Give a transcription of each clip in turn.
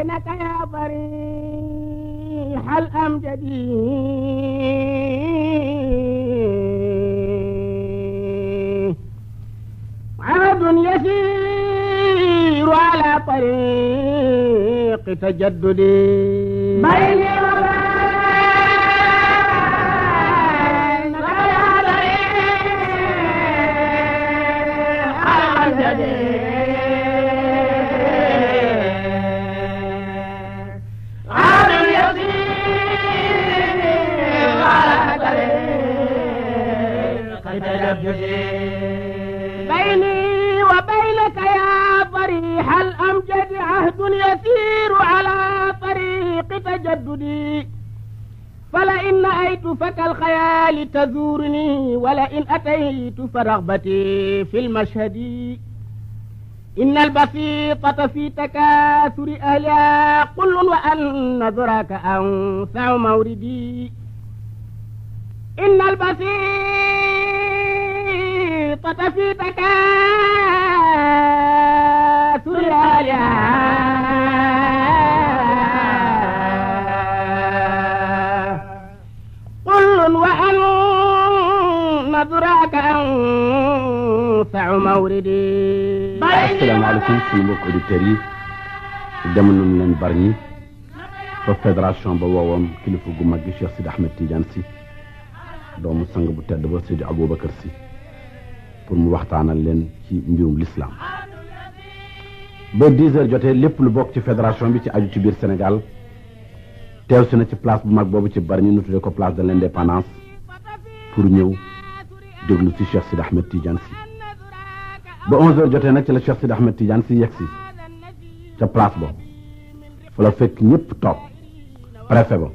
وينك يا ضريح الأمجد عرض يسير على طريق تجددي بيني وبينك يا ضريح الأمجد بيني وبينك يا فريح الأمجد عهد يسير على طريق تجددي فلئن أيت الخيال تزورني ولئن أتيت فرغبتي في المشهد إن البسيطة في تكاثر أهلها قل وأن نظرك أنفع موردي إن البسيط سقط في بكاء قل وأن ذراك أنفع موردي السلام عليكم في موقع التاريخ قدامنا من برني ففدراسيون بواوام كلفو قمك الشيخ سيد أحمد تيجانسي doomu sang bu tedd ba ابو Aboubacar Sy pour mu waxtaanal leen ci mbirum l'islam ba 10 heures jotee lépp lu bokk ci fédération bi ci aju ci biir Sénégal teew si na ci place bu mag boobu ci bari ñu nu tuddee ko place de l'indépendance pour ñëw déglu ci Cheikh Sidi Ahmed Tidiane si ba 11 jotee nag ci la Cheikh Sidi Ahmed Tidiane si yegg si ca place boobu fa la fekk ñëpp toog préfet ba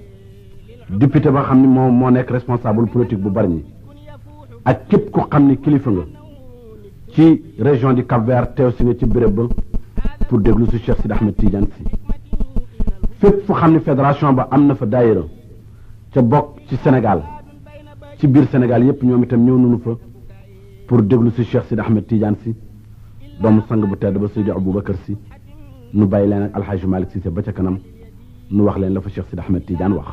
député ba xam ni moom moo nekk responsable politique bu bari ñi ak képp ku xam ni kilifa nga ci région du Cap Vert tew ci ci béréb pour déglu ci Cheikh Sidi Ahmed Tidiane si fépp fu xamni fédération ba amna fa daïra ca bok ci Sénégal ci biir Sénégal yépp ñoom itam ñëw nañu fa pour déglu ci Cheikh Sidi Ahmed Tidiane si doomu sang bu tedd ba Seydi Aboubacar si nu bàyyi leen ak Alhaji malik Cissé ba ca kanam nu wax leen la fa Cheikh Sidi Ahmed Tidiane wax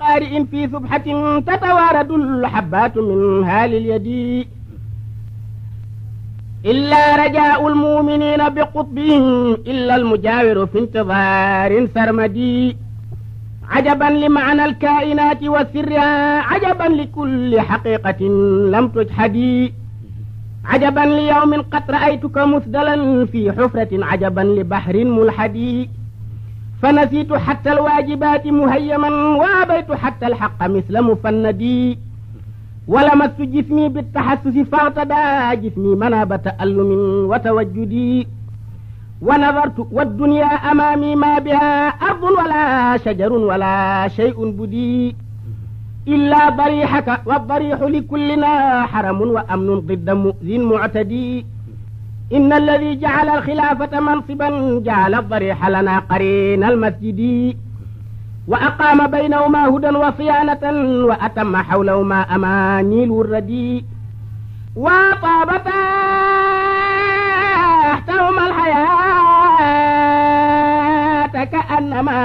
قارئ في صبحة تتوارد الحبات منها لليد إلا رجاء المؤمنين بقطبهم إلا المجاور في انتظار سرمدي عجبا لمعنى الكائنات وسرها عجبا لكل حقيقة لم تجحدي عجبا ليوم قد رأيتك مثدلا في حفرة عجبا لبحر ملحدي فنسيت حتى الواجبات مهيما وأبيت حتى الحق مثل مفندي ولمست جسمي بالتحسس فاعتدى جسمي مناب تألم وتوجدي ونظرت والدنيا أمامي ما بها أرض ولا شجر ولا شيء بدي إلا ضريحك والضريح لكلنا حرم وأمن ضد مؤذ معتدي إن الذي جعل الخلافة منصبا جعل الضريح لنا قرين المسجد وأقام بينهما هدى وصيانة وأتم حولهما أمانيل الرديء وطابتا تحتهما الحياة كأنما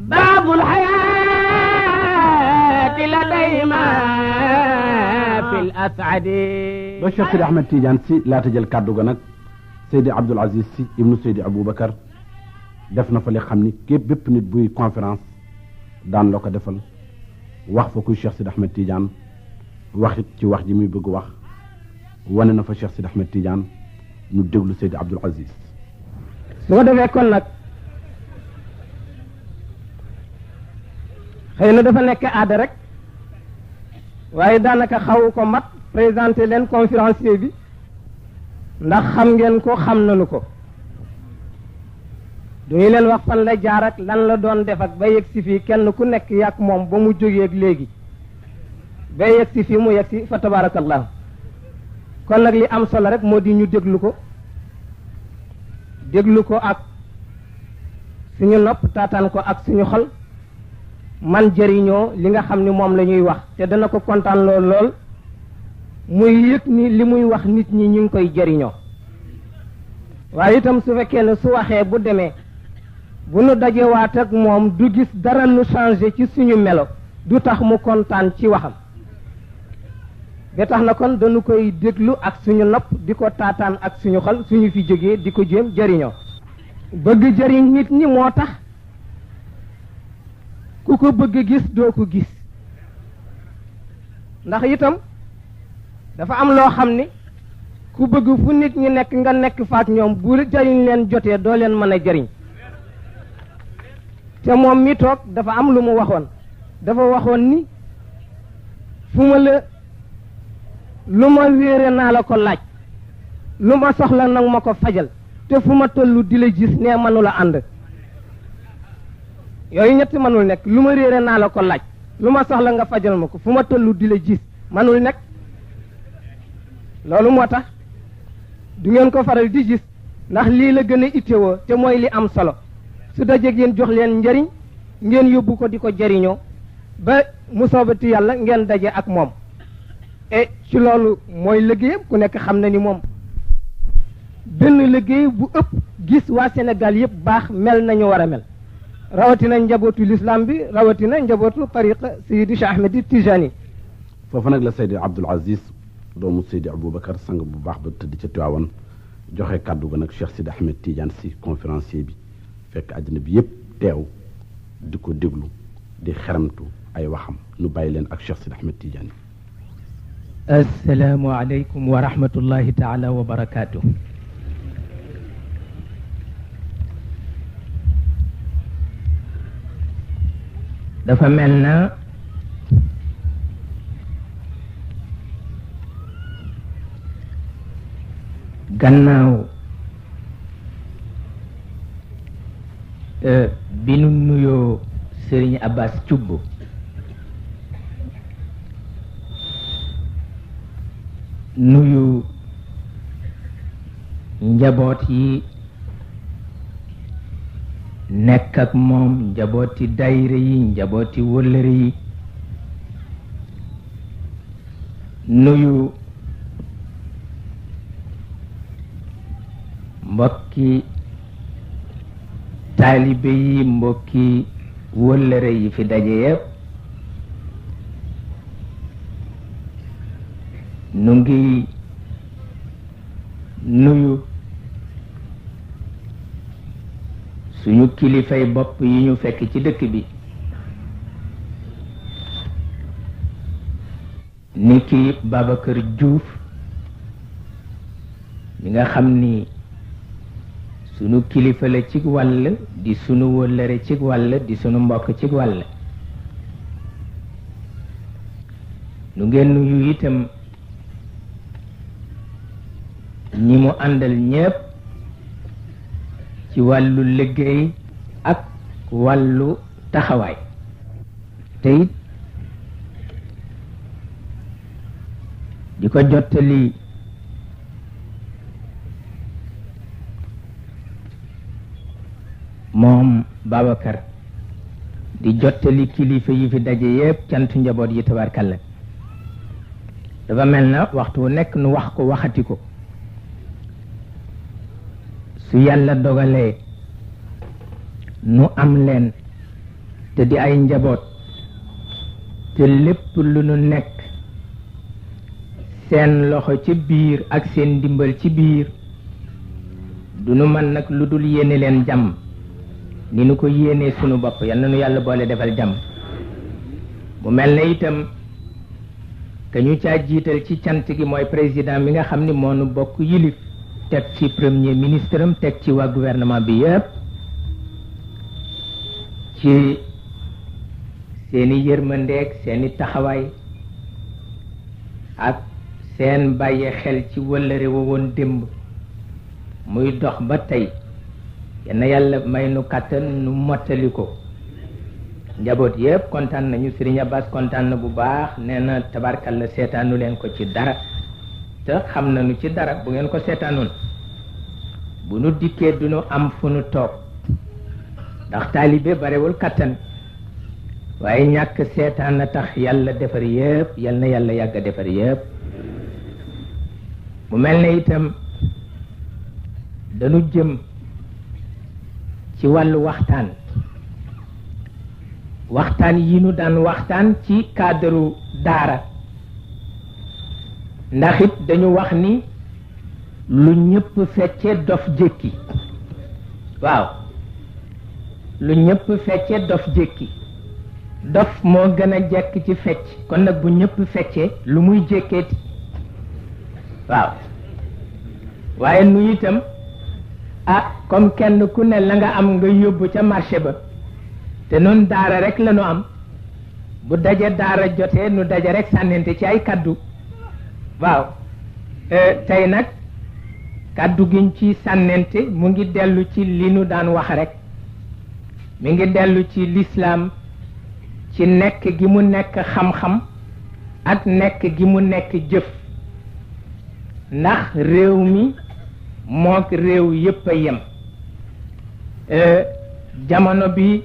بعض الحياة لديهما في الأسعد ba Cheikh Sidi Ahmed Tidiane si laata jël kàddu ga سيدي عبد العزيز سي ابن سيدي ابو بكر دفنا فلي خامني كيب بيب نيت بوي كونفرنس دان لوكا ديفال واخ فكو الشيخ سيد احمد تيجان واخيت سي واخ جي مي بوغ واخ وانا فا الشيخ سيد احمد تيجان نو دغلو سيدي عبد العزيز بو دافي كون نك خينا دافا نيك ادا رك واي دانكا خاوكو مات بريزانتي لين كونفرنس بي ndax xam ngeen ko xam nañu ko duñu leen wax fan la jaar ak lan la doon def ak ba yegg si fii kenn ku nekk yàq moom ba mu jógee léegi ba yegg si fii mu yegg si fa tabaarakallaahu kon nag li am solo rek moo di ñu déglu ko déglu ko ak suñu nopp taataan ko ak suñu xol man jariñoo li nga xam ni moom la ñuy wax te dana ko kontaan lool lool muy yëg ni li muy wax nit ñi ñu ngi koy jariñoo waaye itam su fekkee ne su waxee bu demee bu nu dajewaat ak moom du gis dara lu changé ci suñu melo du tax mu kontaan ci waxam ba tax na kon dañu koy déglu ak suñu nopp di ko taataan ak suñu xal suñu fi jógee di ko jéem jariñoo bëgg jariñ nit ñi moo tax ku ko bëgg gis doo ko gis ndax itam dafa am loo xam ni ku bëgg fu nit ñi nekk nga nekk faak ñoom bu jariñ leen jotee doo leen mën a jariñ te moom mi toog dafa am lu mu waxoon dafa waxoon ni fu ma la lu ma wéere naa la ko laaj lu ma soxla nag ma ko fajal fu ma tollu di la gis nee mënula ànd yooyu ñett mënul nekk lu ma réere naa la ko laaj lu ma soxla nga fajal ma ko fu ma tollu di la gis mënul nekk loolu moo tax du ngeen ko faral di gis ndax lii la gën a ittewoo te mooy li am solo su dajeeg yéen jox leen njariñ ngeen yóbbu ko di ko jariñoo ba mu soobati yàlla ngeen daje ak moom et ci loolu mooy liggéeyam ku nekk xam na ni moom benn liggéey bu ëpp gis waa Sénégal yëpp baax mel nañu war a mel rawatina njabootu lislaam bi rawatina njabootu tariqa Seydi Cheikh Ahmed Tijani foofu nag la Seydi Abdoul Aziz doomu Seydi Aboubacar sang bu baax ba tëdd ca Tiwaawan joxe kàddu ga nag Cheikh Sidi Ahmed Tidiane si conférencier bi fekk àddina bi yépp teew di ko déglu di xeramtu ay waxam nu bàyyi leen ak Cheikh Sidi Ahmed Tidiane assalaamu alaykum wa rahmatullahi taala wa barakaatu dafa mel na gannaaw eh, binu nuyoo sërigne abbas cubb nuyu njaboot yi nekk ak moom njabooti dayre yi njabooti wëllëre yi nuyu mbokki taalibe yi mbokki wëllëre yi fi daje yépp nu ngi nuyu suñu kilifay bopp yi ñu fekk ci dëkk bi ni ki Babacar Diouf mi nga xam ni sunu kilifa la cig wàll di sunu wëllëre cig wàll di sunu mbokk cig wàll nu ngeen nuyu itam ñi mu àndal ñépp ci wàllu liggéey ak wàllu taxawaay te di ko jottali moom Babacar di jottali kilifa yi fi daje yépp cantu njaboot yi tabarkalla dafa mel na waxtu wu nekk nu wax ko waxati ko su yàlla dogalee nu am leen te di ay njaboot te lépp lu nu nekk seen loxo ci biir ak seen ndimbal ci biir du nu mën nag lu dul yéene leen jàmm ni nu ko yéenee sunu bopp yal na nu yàlla boole defal jàmm mu mel ne itam que ñu caa jiital ci cant gi mooy président mi nga xam ni moo nu bokk yulit teg ci premier ministre am teg ci waa gouvernement bi yépp ci seeni yërmandeeg seeni taxawaay ak seen bàyyi xel ci wëllëre woon démb muy dox ba tey yenn yàlla may nu kattan nu mottali ko njaboot yépp kontaan nañu Serigne Abbas kontaan na bu baax nee na tabarkal la seetaanu leen ko ci dara te xam nañu ci dara bu ngeen ko seetaanoon bu nu dikkee du nu am fu nu toog ndax taalibe barewul kàttan waaye ñàkk seetaan na tax yàlla defar yëpp yal yàlla yàgg defar yëpp mu mel ne itam dañu jëm ci wàllu waxtaan waxtaan yi nu daan waxtaan ci cadre daara ndaxit dañu wax ni lu ñëpp fecce dof jékki waaw lu ñëpp fecce dof jékki dof moo gën a jekk ci fecc kon nag bu ñëpp feccee lu muy jékkeeti waaw waaye nu itam ah comme kenn ku ne la nga am nga yóbbu ca marché ba te noon daara rek la am bu daje daara jotee nu daje rekk sànnente ci ay kàddu waaw eh, tey nag kàddu gi ci sànnent mu ngi dellu ci li nu daan wax rek mi ngi dellu ci lislaam ci nekk gi mu nekk xam-xam ak nekk gi mu nekk jëf ndax réew mi mook réew yépp a yem e, jamono bi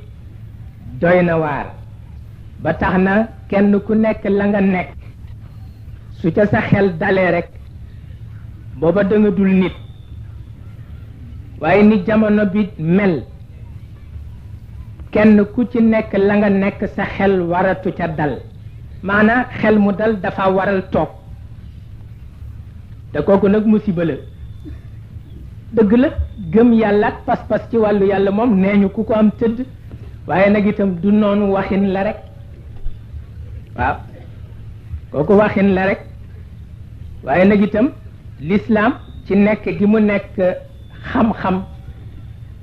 doy na waar ba tax na kenn ku nekk la nga nekk su ca sa xel dalee rekk booba da nga nit waaye ni jamono bi mel kenn ku ci nekk la nga nekk sa xel waratu ca dal maana xel mu dal dafa waral toog te kooku nag musiba la dëgg la gëm yàlla ak pas-pas ci wàllu yàlla moom nee ñu ku ko am tëdd waaye nag itam du noonu waxin la rekk waaw kooku waxin la rekk waaye nag itam lislaam ci nekk gi mu nekk xam-xam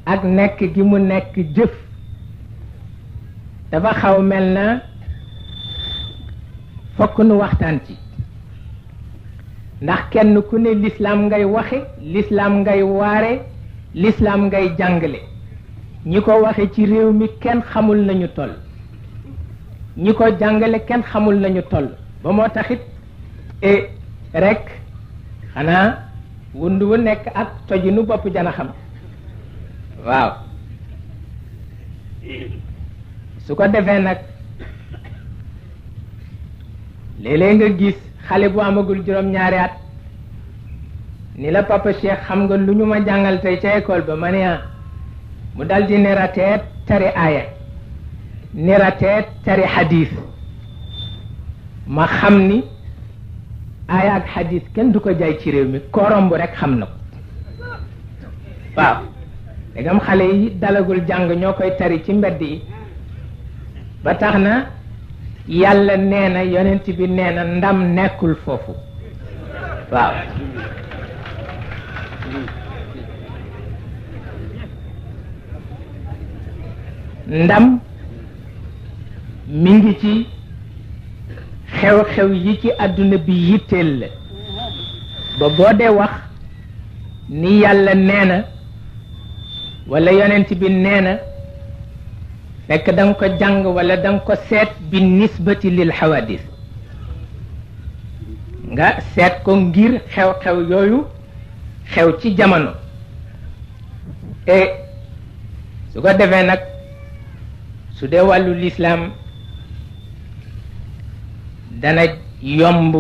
ak nekk gi mu nekk jëf dafa xaw mel na fokk nu waxtaan ci ndax kenn ku ne lislaam ngay waxe lislaam ngay waare lislaam ngay jàngale ñi ko waxe ci réew mi kenn xamul nañu toll ñi ko jàngale kenn xamul nañu toll ba moo taxit e rek xanaa wund wu nekk ak tojinu bopp janaxam xam waaw su ko defee nag léeg nga gis xale bu amagul juróom-ñaari at ni la papa Cheikh xam nga lu ñu ma jàngal tey ca école ba ma ne ah, mu dal di nerateet tari aaya nerateet tari xadiis ma xam ni aaya ak xadiis kenn du ko jaay ci réew mi koromb rek xam na ko waaw dégam xale yi dalagul jàng ñoo koy tari ci mbedd yi ba tax na yàlla nee na yonent bi nee na ndam nekkul foofu waaw ndam mu ngi ci xew-xew yi ci àdduna bi yitteel la ba boo dee wax ni yàlla nee na walla yonent bi nee na fekk da ko jàng wala da nga ko seet bi lil xawadis nga seet ko ngir xew-xew yooyu xew ci jamono e su ko defee nag su dee wàllu lislaam dana yomb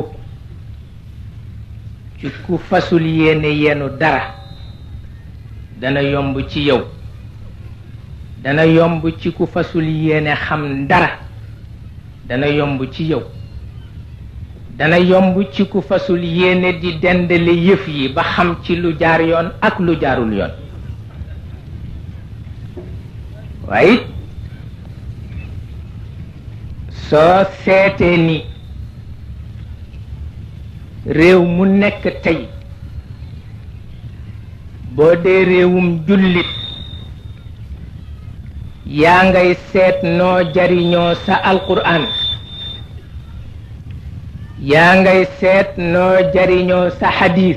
ci ku fasul yéene yenu dara dana yomb ci yow dana yomb ci ku fasul yéene xam dara dana yomb ci yow dana yomb ci ku fasul yéene di dendale yëf yi ba xam ci lu jaar yoon ak lu jaarul yoon waaye it soo seetee ni réew mu nekk tey boo dee réewum jullit yaa ngay seet noo jariñoo sa alquran yaa ngay seet noo jariñoo sa xadiis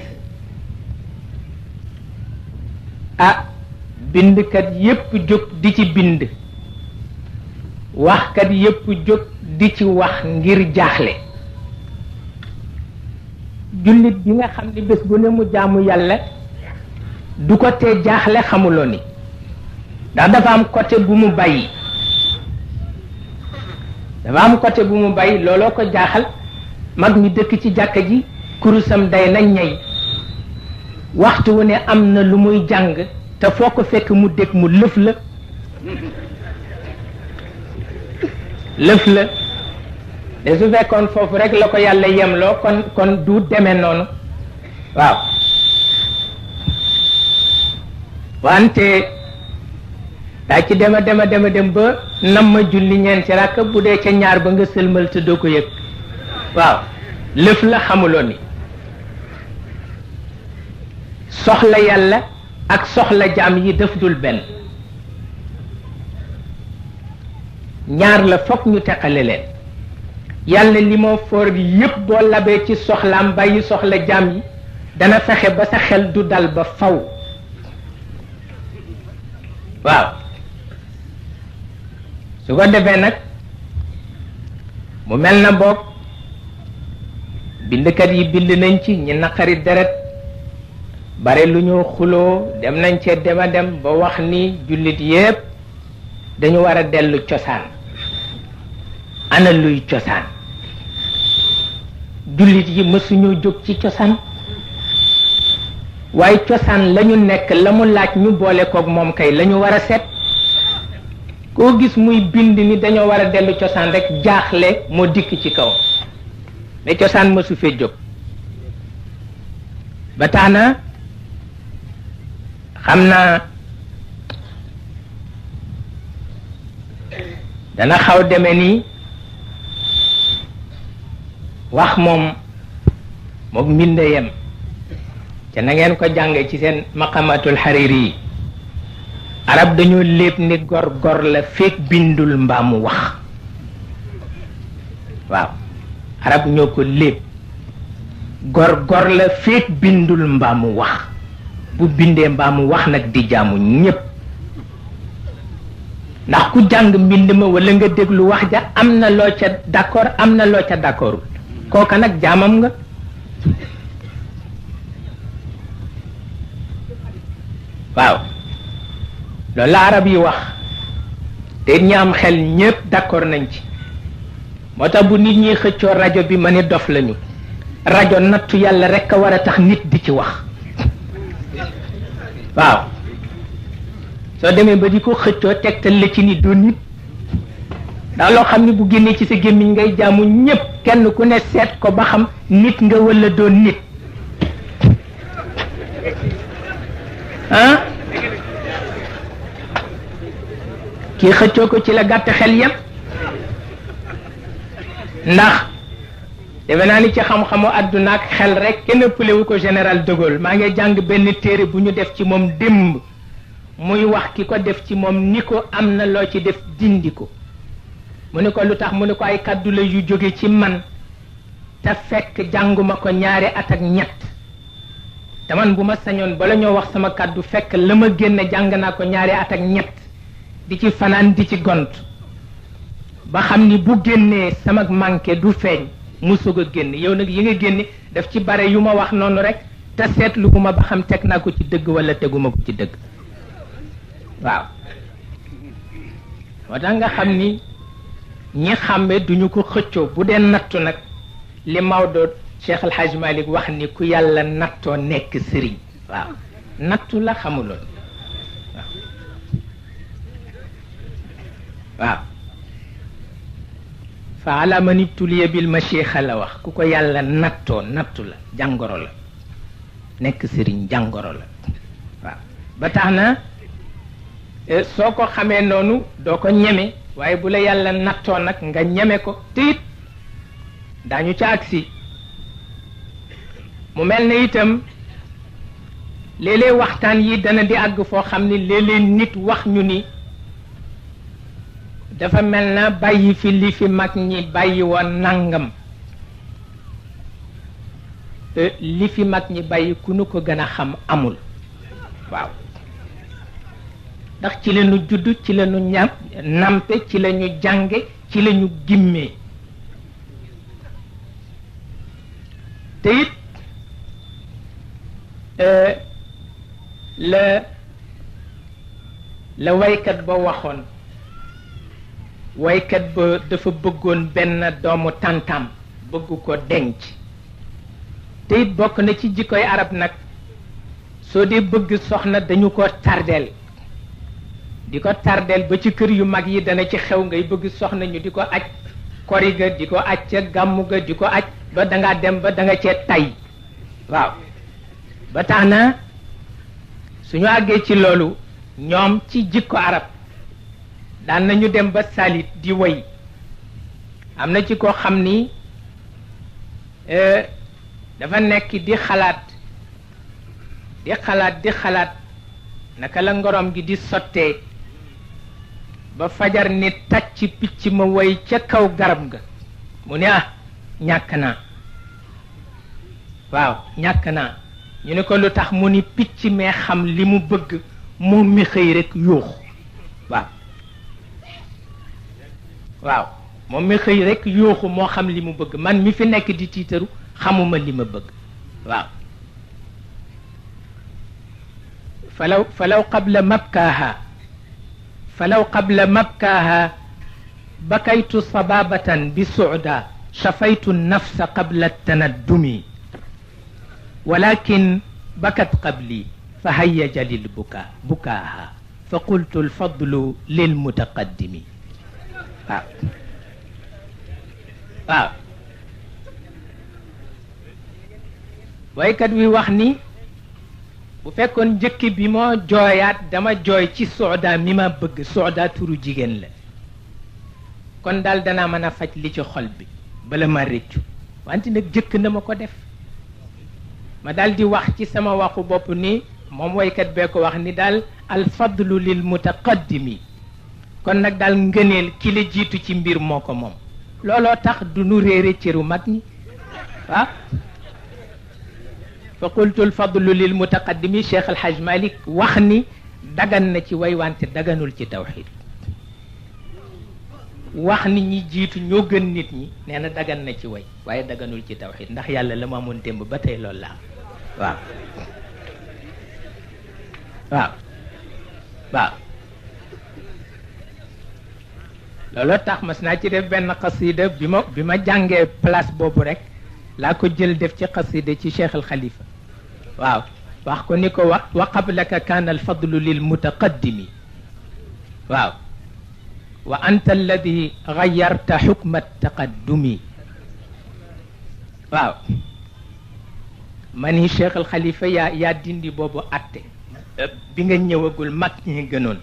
ah bindkat yépp jóg di ci bind waxkat yépp jóg di ci wax ngir jaaxle jullit bi nga xam ni bés bu ne mu jaamu yàlla du ko tee jaaxle xamuloo ni ndax dafa am côté bu mu bàyyi dafa am côté bu mu bàyyi looloo ko jaaxal mag mi dëkk ci jàkka ji kurusam day nañ ñey waxtu wu ne am na lu muy jàng te foo ko fekk mu dégg mu lëf la lëf la de su fekkoon foofu rek la ko yàlla yemloo kon kon du deme noonu waaw wante daa ci dem dema dema dem ba nam ma julli ñeenti rakk bu dee ca ñaar ba nga sëlmal te doo ko yëg waaw lëf la xamuloo ni soxla yàlla ak soxla jaam yi def dul benn ñaar la fokk ñu teqale leen yàlla li moo foor yépp boo labee ci soxlaam bàyyi soxla jaam yi dana saxe ba sa xel du dal ba faw waaw su ko defee nag mu mel na boog bindkat yi bind nañ ci ñi naqari deret bare lu ñu xuloo dem nañ cee dema dem ba wax ni jullit yépp dañu war a dellu cosaan ana luy cosaan jullit yi mësuñoo jóg ci cosaan waaye cosaan la ñu nekk la mu laaj ñu boole kook moom kay la war a set ko gis muy bind ni dañu wara delu ciosan rek jaxlé mo dik ci kaw né ciosan ma su batana xamna na dana xaw deme ni wax mom mok minde yem te na ngeen ko jangé ci sen maqamatul hariri arab dañoo léeb ni gor gor la fekk bindul mbaamu wax waaw arab ñoo ko léeb gor gor la fekk bindul mbaamu wax bu bindee mbaamu wax nag di jaamu ñépp ndax ku jàng mbind ma walla nga déglu wax ja am na loo ca d'accord am na loo ca d'accordul kooka nag jaamam nga waaw loolu la arab yi wax te ñi am xel ñépp d'accord nañ ci moo tax bu nit ñi xëccoo rajo bi ma ne dof lañu rajo nattu yàlla rekk a war a tax nit di ci wax waaw soo demee ba di ko xëccoo tegtal la ci nit du nit ndax loo xam ne bu génnee ci sa gémmiñ ngay jaamu ñépp kenn ku ne seet ko ba xam nit nga walla doon nit kii xëccoo ko ci la gàtt xel yépp ndax deme naa ni ci xam-xamu àdduna ak xel rek kenn ëppalewu ko général de maa ngi jàng benn téere bu ñu def ci moom démb muy wax ki ko def ci moom ni ko am na loo ci def dindi ko mu ne ko lu tax mu ne ko ay kàddu la yu jóge ci man te fekk jànguma ko ñaari at ak ñett te man bu ma sañoon bala ñoo wax sama kàddu fekk la ma génn jàng naa ko ñaari at ak ñett di ci fanaan di ci gont ba xam ni bu génnee sama manqué du feeñ mu sog a génn yow nag yi nga génne def ci bare yu ma wax noonu rek te seetlu ma ba xam teg naa ko ci dëgg wala teguma ko ci dëgg waaw moo tax nga xam ni ñi xàmme duñu ko xëccoo bu dee nattu nag li Maodo Cheikh El Hadj Malick wax ni ku yàlla nattoo nekk sëriñ waaw nattu la xamuloon waaw fa ala man ibtuliya bil mashixa la wax ku ko yàlla nattoo nattu la jàngoro la nekk sëriñ jàngoro la waaw ba tax na eh, soo ko xamee noonu doo ko ñeme waaye bu la yàlla nattoo nag nga ñeme ko tiit dañu ca agsi mu mel ne itam léelée waxtaan yi dana di àgg foo xam ni léeg nit wax ñu ni dafa mel na bàyyi fi li fi mag ñi bàyyi woon nangam li fi mag ñi bàyyi ku nu ko gën a xam amul waaw ndax ci la ñu judd ci lañu ñu ci lañu ñu jànge ci lañu ñu gimmee te euh, la la waykat ba waxoon woykat ba dafa bëggoon benn doomu tàntam bëgg ko denc te bokk na ci jikkoy arab nag soo dee bëgg soxna dañu ko tardeel di ko tardeel ba ci kër yu mag yi dana ci xew ngay bëgg soxna ñu di ko aj kori ga di ko aj ca gàmm ga di ko aj ba dangaa dem ba danga cee tay waaw ba tax na suñu àggee ci loolu ñoom ci jikko arab daan nañu dem ba salit di woy am na ci koo xam ni e, dafa nekk di xalaat di xalaat di xalaat naka la ngorom gi di sottee ba fajar ni tàcc picc ma woy ca kaw garab ga mu ne ah ñàkk naa waaw ñàkk naa ñu ne ko lu tax mu ni picc mee xam li mu bëgg moom mi xëy rek yuux waaw waaw moom mi xëy rek yooxu moo xam li mu bëgg man mi fi nekk di tiitaru xamuma li ma bëgg waaw falaw falaw qabla mabkaaha falaw qabla mabkaaha bakaytu sababatan bi shafaytu nafs qabla النفس قبل التندم ولكن بكت قبلي فهيج للبكاء بكاها فقلت الفضل للمتقدم Out. waaw waykat wi wax ni bu fekkoon njëkk bi moo jooyaat dama jooy ci sooda mi ma bëgg sooda turu jigéen la kon daal danaa mën a faj li ci xol bi bala ma rëccu wante nag jëkk na ma ko def ma daal di wax ci sama waxu bopp ni moom waykat bee ko wax ni daal alfadlu lil mutaqaddimi kon nak dal ngeenel ki la jitu ci mbir moko mom lolo tax du nu rere ci ru magni wa fa qultu al fadl lil mutaqaddimi sheikh al haj malik waxni dagan na ci way wante daganul ci tawhid wax ni ñi jiitu ñoo gën nit ñi nee na dagan na ci way waaye daganul ci tawxid ndax yàlla la ma amoon démb ba tey loolu laa waaw waaw waaw lolo tax mas naa ci def ben qasida bima bima jange place bobu rek la ko jël def ci qasida ci cheikh al khalifa waaw wax ko niko wa qablaka kana al alfadlu lil mutaqaddimi waaw wa anta alladhi ghayyarta hukma xukma taqaddumi waaw mani cheikh al khalifa ya ya dindi bobu atte bi nga ñëwagul mak ñi gënon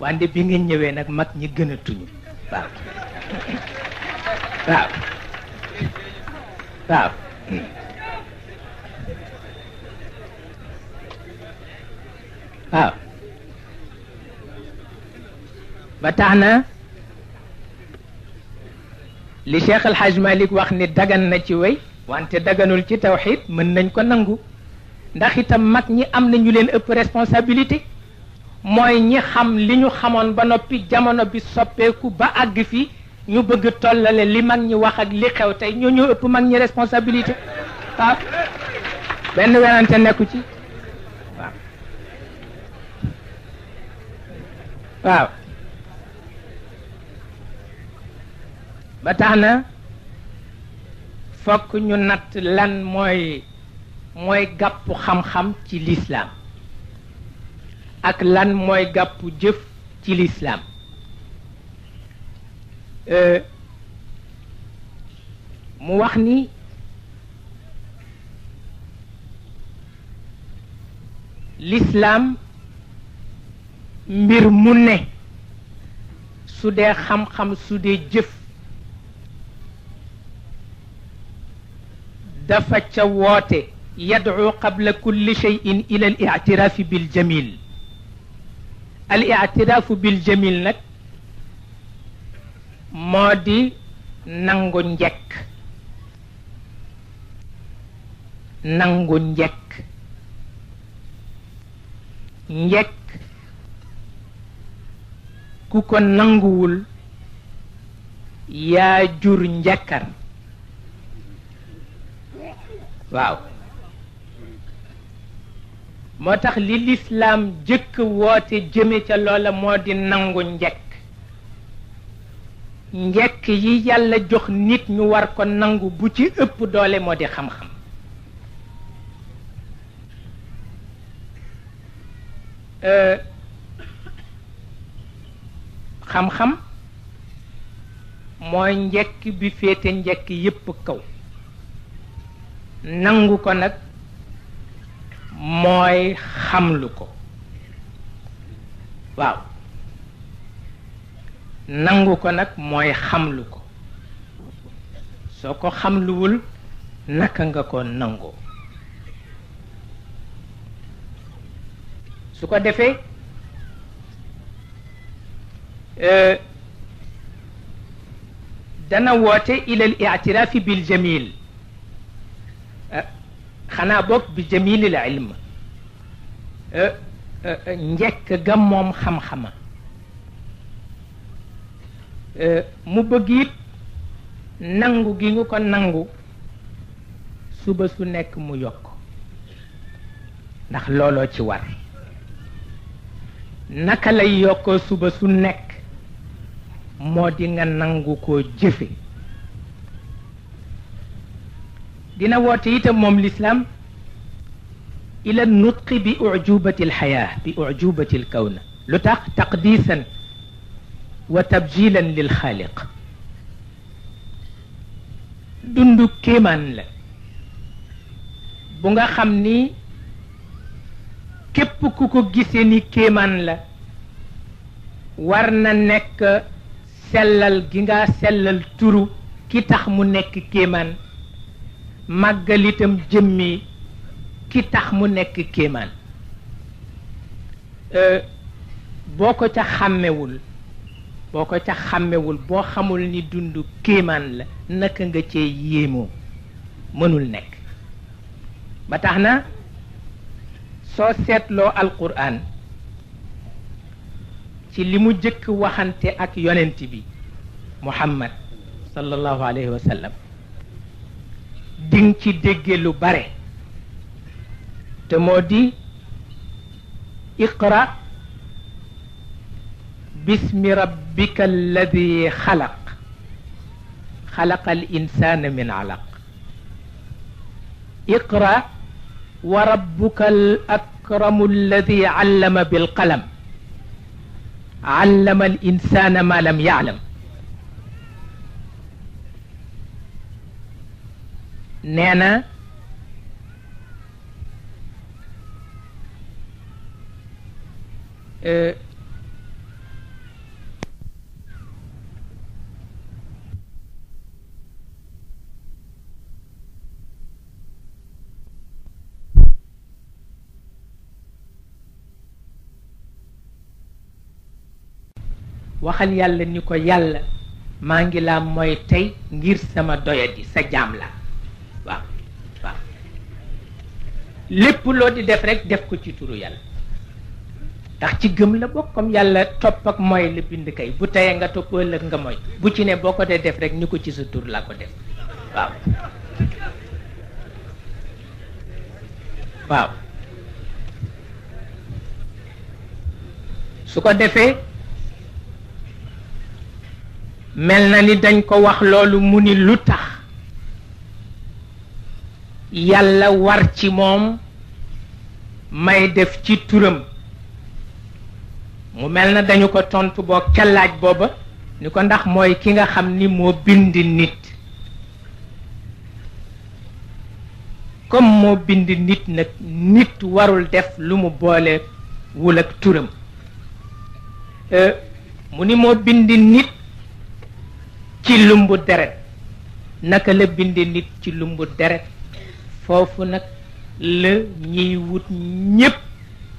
wante bi nga ñëwee nag mag ñi gën a tuñu waaw waaw waaw na li Cheikh El Hadj wax ni dagan na ci way wante daganul ci tawxiid mën nañ ko nangu ndax itam mag ñi am na ñu leen ëpp responsabilité mooy ñi xam li ñu xamoon ba noppi jamono bi soppeeku ba àgg fi ñu bëgg tollale li mag ñi wax ak li xew tey ñoo ñoo ëpp mag ñi responsabilité waaw ah. benn werante nekku ci waaw waaw ba tax na fokk ñu natt lan mooy mooy gàppu xam-xam ci lislaam ak lan moy gap jëf ci l'islam euh mu wax ni l'islam mbir mu ne su dee xam-xam su dee jëf dafa ca woote yadcu qabla kulli cheyin ila al biljamil al itiraafu bil jamil nag moo di nangu njekk nangu njekk njekk ku ko nanguwul yaa jur njekkar waaw moo tax li lislaam jëkk woote jëme ca loola moo di nangu njekk njekk yi yàlla jox nit ñu war ko nangu bu ci ëpp doole moo di xam-xam euh, xam-xam mooy njëkk bi féete njekk yépp kaw nangu ko nag mooy xamlu ko waaw nangu ko nag mooy xamlu ko soo ko xamluwul naka nga ko nangoo su ko defee e, dana woote ilal i'tiraafi bil jamil xanaa bokk bi jamilil ilm eh, eh, eh, njëkk ga moom xam-xama mu bëgg it nangu gi nga ko nangu suba su nekk mu yokk ndax looloo ci war naka lay yokkoo suba su nekk moo di nga nangu koo jëfe dina woote itam moom lislaam ila nutqi bi ujubati alxayaa bi ujubati alkawna lu tax taqdisan wa tabjilan lil xaaliq dundu kéemaan la bu nga xam ni képp ku ko gisee ni kéemaan la war na nekk sellal gi nga sellal turu ki tax mu nekk kéemaan magalitam itam jëmmi ki tax mu nekk kéemaan boo ko ca xàmmewul boo ko ca xàmmewul boo xamul ni dund kéemaan la naka nga cee yéemoo mënul nekk ba tax na soo seetloo alquran ci li mu jëkk waxante ak yonent bi muhammad sallallahu alayhi wa sallam diŋ ci dégge lu bare te moo di iqra bismi rabbika alladi xalaq خلق الإنسان من علق اقرأ وربك الأكرم الذي علم بالقلم علم الإنسان ما لم يعلم nee na euh, waxal yàlla ni ko yàlla maa ngi laa mooy tey ngir sama doyadi sa jaam la lépp loo di def rek def ko ci turu yàlla ndax ci gëm la bokk yàlla topp ak mooy la bind kay bu teyee nga topp ëllëg nga moy bu ci ne boo ko dee def rek ni ko ci sa tur laa ko def waaw waaw su ko defee mel na ni dañ ko wax loolu mu ni lu tax yàlla war ci moom may def ci turam mu mel na dañu ko tontu boo kellaaj booba ni ko ndax mooy ki nga xam ni moo bind nit comme moo bind nit nag nit warul def lu mu boole wul ak turam euh, mu ni moo bind nit ci lumbu deret naka la bind nit ci lumbu deret foofu nag la ñiy wut ñépp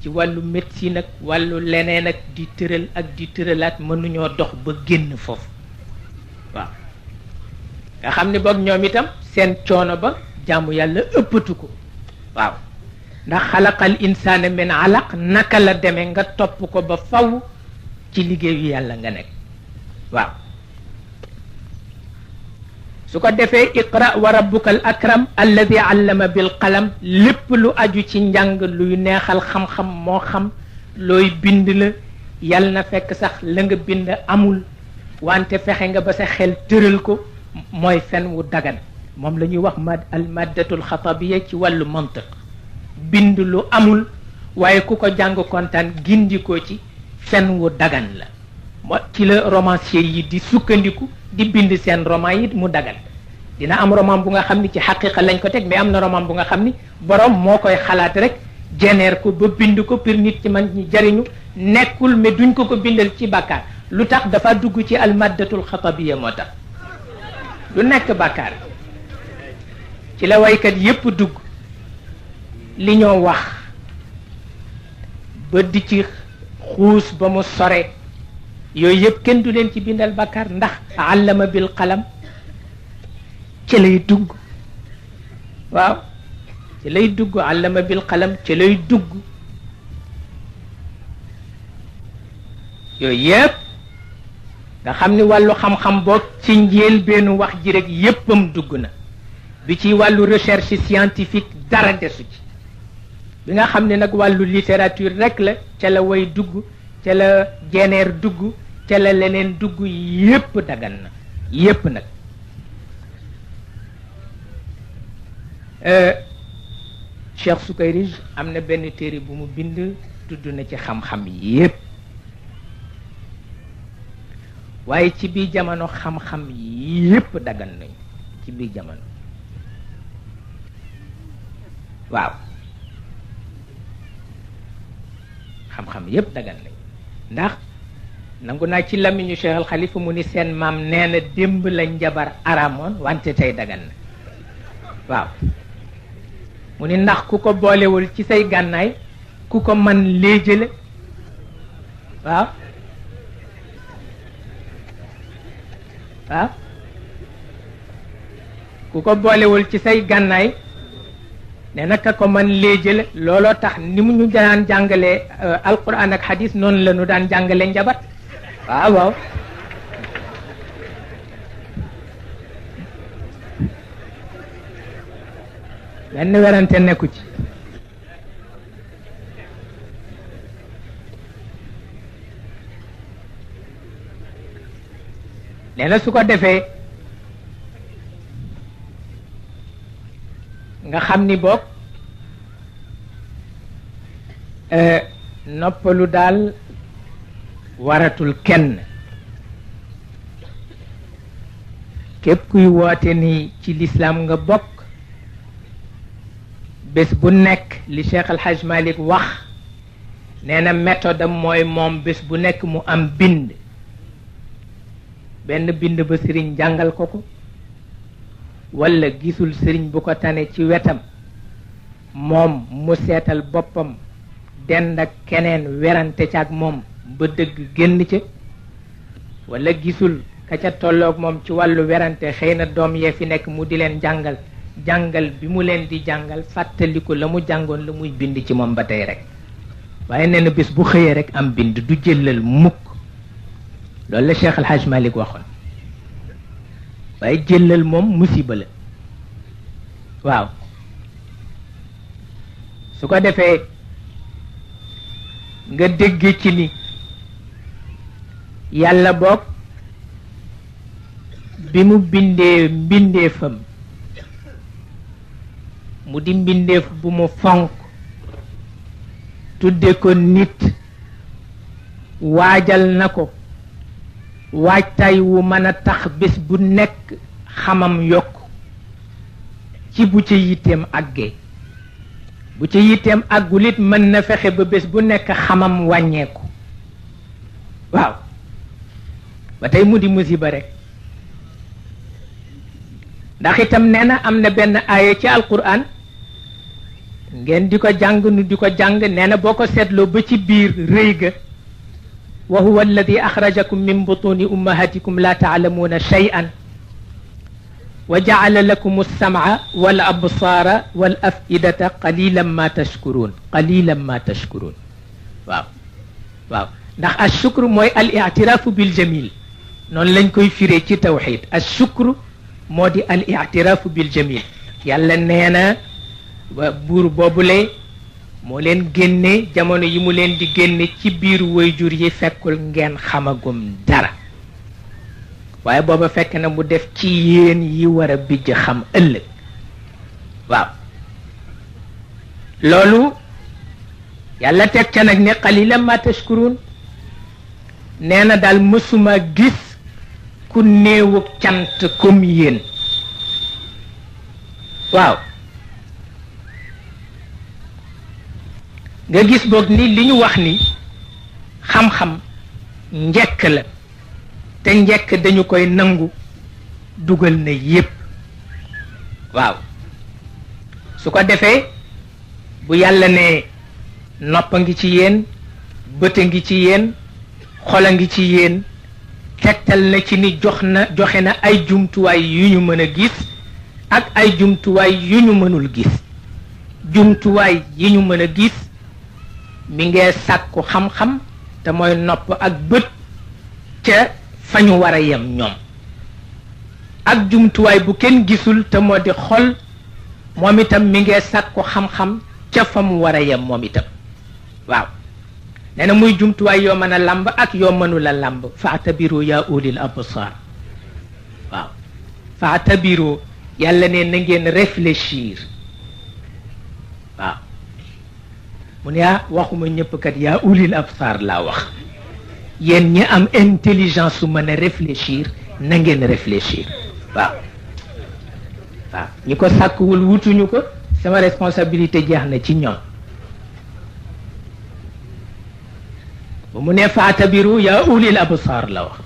ci wàllu médecine ak wàllu leneen ak di tëral ak di tëralaat mënuñoo dox ba génn foofu waaw nga xam ne boog ñoom itam seen coono ba jaamu yàlla ëppatu ko waaw ndax xalaqal insaana min alaq naka la deme nga topp ko ba faw ci liggéeyu yàlla nga nekk waaw su defé iqra wa rabbukal akram alladhi allama bil qalam lépp lu aju ci njàng luy neexal xam-xam mo xam loy bind la yal na fekk sax la nga bind amul wante fexe nga ba sa xel teurel ko moy fen wu dagan mom lañuy wax mad al maddatul khatabiyya ci walu mantiq bind lu amul waye kuko jang kontan gindi ko ci fen wu dagan la moo ci la romancier yi di sukkandiku di bind seen roman yi mu dagal dina am roman bu nga xam ni ci xaqiqa lañ ko teg mais am na roman bu nga xam ni boroom moo koy xalaat rek jeneer ko ba bind ko pour nit ci man ñi jariñu nekkul mais duñ ko ko bindal ci bàkkaar lu tax dafa dugg ci almaddatul xatabiya moo tax lu nekk bàkkaar ci la waykat yépp dugg li ñoo wax ba di ci xuus ba mu sore yooyu yëpp kenn du leen ci bindal bakkaar ndax àllama bil qalam ci lay dugg waaw ci lay dugg àllama bil qalam ci lay dugg yooyu yëpp nga xam ni wàllu xam-xam boog ci njël benn wax ji rek yéppam dugg na bi ci wàllu recherche scientifique dara desu ci bi nga xam ne nag wàllu littérature rek la ca la way dugg ca la jeneer dugg ca la leneen dugg yépp dagan na yépp nag euh, Cheikh Sukayrij am na benn téere bu mu bind tudd na ci xam-xam yépp waaye ci biir jamono xam-xam yépp dagan nañ ci biir jamono waaw xam-xam yépp dagan nañ ndax nangu naa ci lamiñu Cheikh Al mu ni seen maam nee na démb lañ njabar aramoon wante tey dagan na waaw mu ni ndax ku ko boolewul ci say gànnaay ku ko man léejale waaw waaw ku ko boolewul ci say gànnaay ne naka ko man léejale looloo tax ni mu ñu daan jàngalee euh, alquran ak hadis noonu la nu daan jàngalee njabar waaw ah, waaw benn werante nekku ci nee su ko defee nga xam ni boog eh, noppalu daal waratul kenn képp kuy woote ni ci lislaam nga bokk bés bu nekk li Cheikh Al Hadj wax nee na metodam mooy moom bés bu nekk mu am bind benn bind ba sëriñ jàngal ko ko walla gisul sëriñ bu ko tane ci wetam moom mu seetal boppam dend ak keneen werante ci ak moom ba dëgg génn ca walla gisul ka ca tollook moom ci wàllu werante xëy na doom yee fi nekk mu di leen jàngal jàngal bi mu leen di jàngal fàttaliku la mu jàngoon la muy bind ci moom ba tey rekk waaye nee na bés bu xëyee rekk am bind du jëlal mukk loolu la Cheikh Alhaj Malick waxoon waaye jëlal moom musiba la waaw su ko defee nga dégg ci ni yàlla boog bi mu bindee mbindeefam mu di mbindeef bu mu fonk tudde ko nit waajal na ko waajtaay wu mën a tax bés bu nekk xamam yokk ci bu ci yitteem àggee bu ci yitteem àggulit mën na fexe ba bés bu nekk xamam wàññeeku waaw ba tey mu musiba rek ndax itam nee na am na benn aaya ci alquran ngeen di ko jàng nu di ko jàng nee na boo ko seetloo ba ci biir rëy ga wa huwa alladi axrajakum min butuni ummahatikum la taalamuuna cheyan wa jaala lakum alsamca wal absara wal afidata qalilan ma tashkuruun qalilan ma tashkuruun waaw waaw ndax alshukru mooy al ictiraafu biljamil نون لنج كوي فيري تي توحيد الشكر مودي الاعتراف بالجميل يالا نينا بور بوبولي مولين ген جامونو يمو لين دي ген تي بير ويجور يي فيكول نين خماغوم دارا واي بابا فك نا مو ديف تي يين يي ورا بيج خام ال واو لولو يالا تك نك ني قليلا ما تشكرون نينا دال مسوما غيس ku néewu cant comme yéen waaw nga gis boog ni li ñu wax ni xam-xam njëkk la te njëkk dañu koy nangu dugal na yépp waaw su ko defee bu yàlla ne nopp a ngi ci yéen bët a ngi ci yéen xol a ngi ci yéen tegtal na ci ni jox na joxe na ay jumtuwaay yu ñu mën a gis ak ay jumtuwaay yu ñu mënul gis jumtuwaay yi ñu mën a gis mi ngee sàkku xam-xam te mooy nopp ak bët ca fa ñu war a yem ñoom ak jumtuwaay bu kenn gisul te moo di xol moom itam mi ngee sàkku xam-xam ca fa mu war a yem moom itam waaw nena muy jumtu way yo a lamb ak yo mënul la lamb faatabiru ya ulil absar waaw faatabiru yàlla ne na ngeen réfléchir waaw mun ya waxuma ñëpp kat ya ulil absar la wax yéen ñi am intelligence su mën réfléchir na ngeen réfléchir waaw waaw ñiko sakku wul wutuñu ko sama responsabilité jeex na ci ñoom ba mu ne faatabiru yaa ulil absaar la wax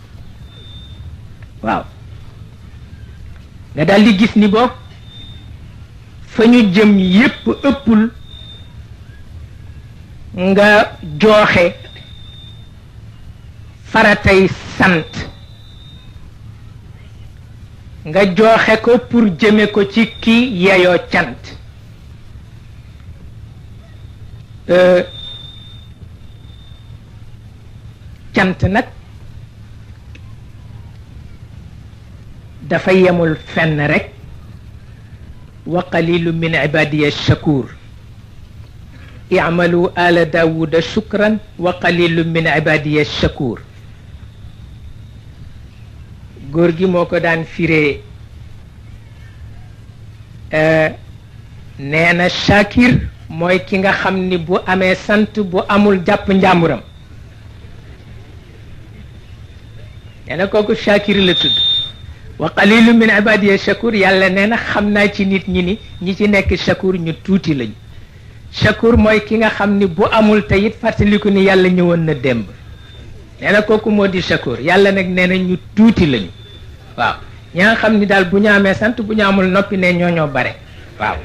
waaw nga daal gis ni boog fa ñu jëm yépp ëppul nga jooxe faratay sant nga jooxe ko pour jëme ko ci ki yeyoo cant euh, cant nag dafa yemul fenn rek wa qalilu min ibadiya shakur اعملوا آل داود شكرا وقليل من عبادي الشكور غورغي موكو دان فيري euh نانا شاكر موي كيغا خامني بو امي سانت بو امول جاب نجامورم nee kooku Shakir la tudd wa qalilu min ibadiya shakur yàlla nee na xam naa ci nit ñi ni ñi ci nekk shakur ñu tuuti lañu shakur mooy ki nga xam ni bu amul te it fàttaliku ni yàlla ñëwoon na démb nee na kooku moo di shakur yàlla nag nee na ñu tuuti lañu waaw ñi xam ni daal bu ñu amee sant bu ñu amul noppi ne ñoo ñoo bare waaw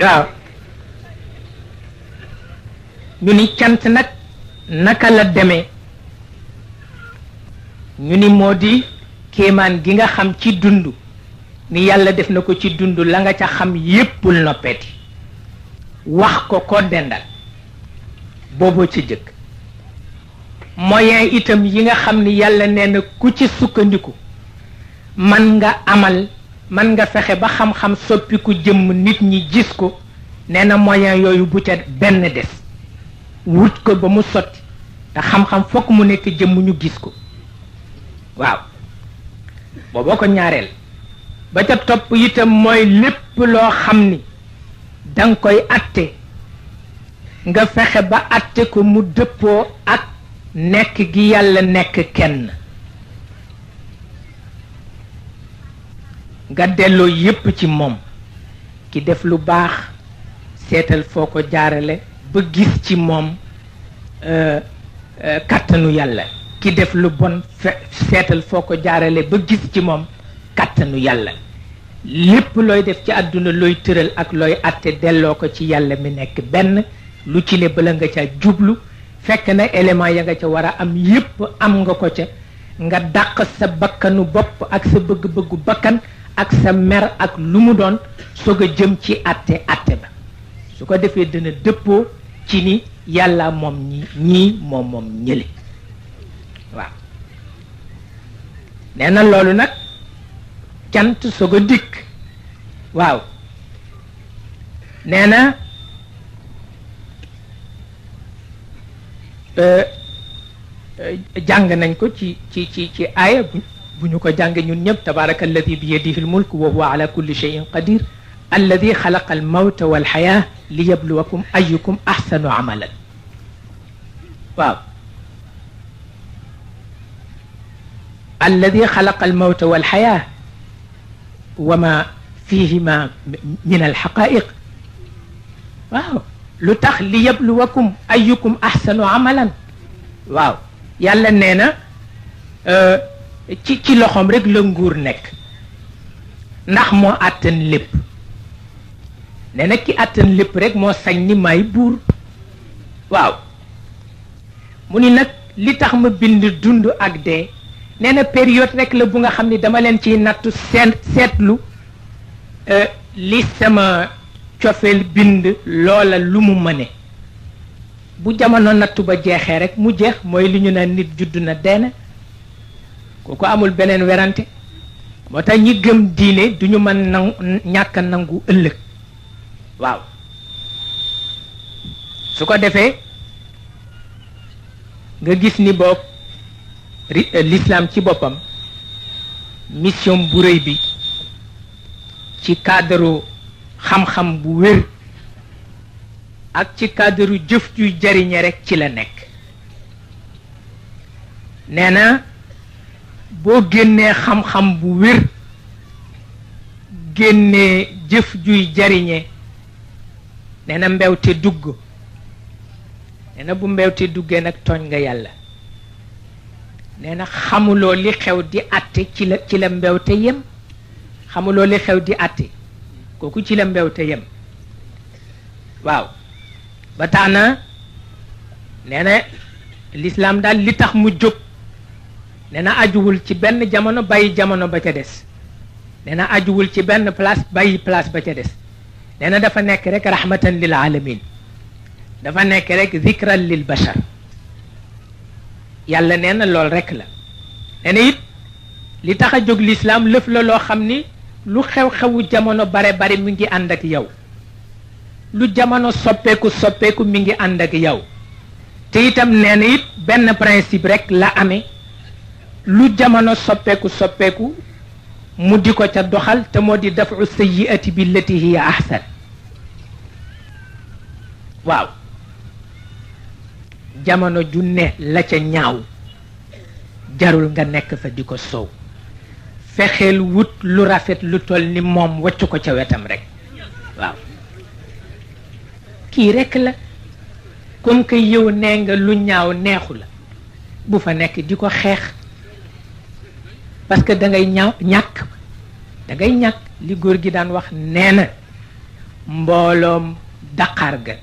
waaw ñu ni cant nag naka la demee ñu ni moo di kéemaan gi nga xam ci dund ni yàlla def na ko ci dund la nga ca xam yéppul noppeeti wax ko ko dendal booboo ci jëkk moyen itam yi nga xam ni yàlla nee na ku ci sukkandiku man nga amal man nga fexe ba xam-xam soppiku jëmm nit ñi gis ko nee na moyen yooyu bu ca benn des wut ko ba mu sotti te xam-xam fokk mu nekk jëmm ñu gis ko waaw booboo ko ñaareel ba ca topp yitam mooy lépp loo xam ni danga koy atte nga fexe ba atte ko mu dëppoo ak nekk gi yàlla nekk kenn nga delloo yépp ci moom ki def lu baax seetal foo ko jaarale ba gis ci moom euh, euh, kàttanu yàlla ki def lu bon seetal foo ko jaarale ba gis ci moom kàttanu yàlla lépp looy def ci àdduna looy tëral ak looy àtte delloo ko ci yàlla mi nekk benn lu ci ne bala nga ca jublu fekk na élément ya nga ca war a am yépp am nga ko ca nga dàq sa bakkanu bopp ak sa bëgg-bëggu bakkan ak sa mer ak lu mu doon soog a jëm ci àtte àtte ba su ko defee dina dëppoo ci ni yàlla moom ñi ñii moom moom ñële waaw nee na loolu nag cant soog a dikk waaw nee na jàng nañ ko ci ci ci ci aaya bu ñu ko jànge ñun ñëpp tabaraka alladi bi yadihi almulk wa huwa ala kulli cheyin qadir الذي خلق الموت والحياة ليبلوكم أيكم أحسن عملا واو الذي خلق الموت والحياة وما فيهما من الحقائق واو لتخ ليبلوكم أيكم أحسن عملا واو يلا نينا كي أه. تي لخم رجل نك نخمو أتن لب nee na ki àttan lépp rek moo sañ ni may buur waaw mu ni nag li tax ma bind dund ak dee neena na période rek la bu nga xam ni dama leen ciy nattu seen seetlu euh, li sama cofeel bind loola lu mu mëne bu jamono nattu ba jeexee rek mu jeex mooy li ñu naan nit judd na dee na kooku amul beneen werante moo tax ñi gëm diine duñu mën nangu ñàkk nangu ëllëg waaw su ko defee nga gis ni boog euh, l'islam ci boppam mission bu réy bi ci cadre xam-xam bu wér ak ci cadre jëf juy jariñe rekk ci la nekk nee na boo génnee xam-xam bu wér génnee jëf juy jariñe nee na mbewte dugg nee na bu mbewte duggee nag tooñ nga yàlla nee na xamuloo li xew di àtte ci la ci la mbewte yem xamuloo li xew di àtte kooku ci la mbewte yem waaw ba tax na nee lislaam daal li tax mu jóg nee na ajuwul ci benn jamono bàyyi jamono ba ca des nee ajuwul ci benn place bàyyi place ba ca des لأن دفع نكرك رحمة للعالمين دفع نكرك ذكرى للبشر يلا نينا لول رك لا نيت يعني لي تخا الاسلام لف لو لو خامني لو خيو خيو جامونو باري باري ميغي اندك ياو لو جامونو سوبيكو سوبيكو ميغي اندك ياو تيتام نينا بن برينسيب رك لا امي لو جامونو سوبيكو سوبيكو mu di ko ca doxal te moo di dafu sayyiati billati hiya ahsan waaw jamono ju ne la ca ñaaw jarul nga nekk fa di ko sow fexeel wut lu rafet lu toll ni moom wacc ko ca wetam rekk waaw kii rek la comme que yow nee nga lu ñaaw neexu la bu fa nekk di ko xeex parce que da ngay ña ñàkk da ñàkk li góor gi daan wax nee na mbooloom daqaar ga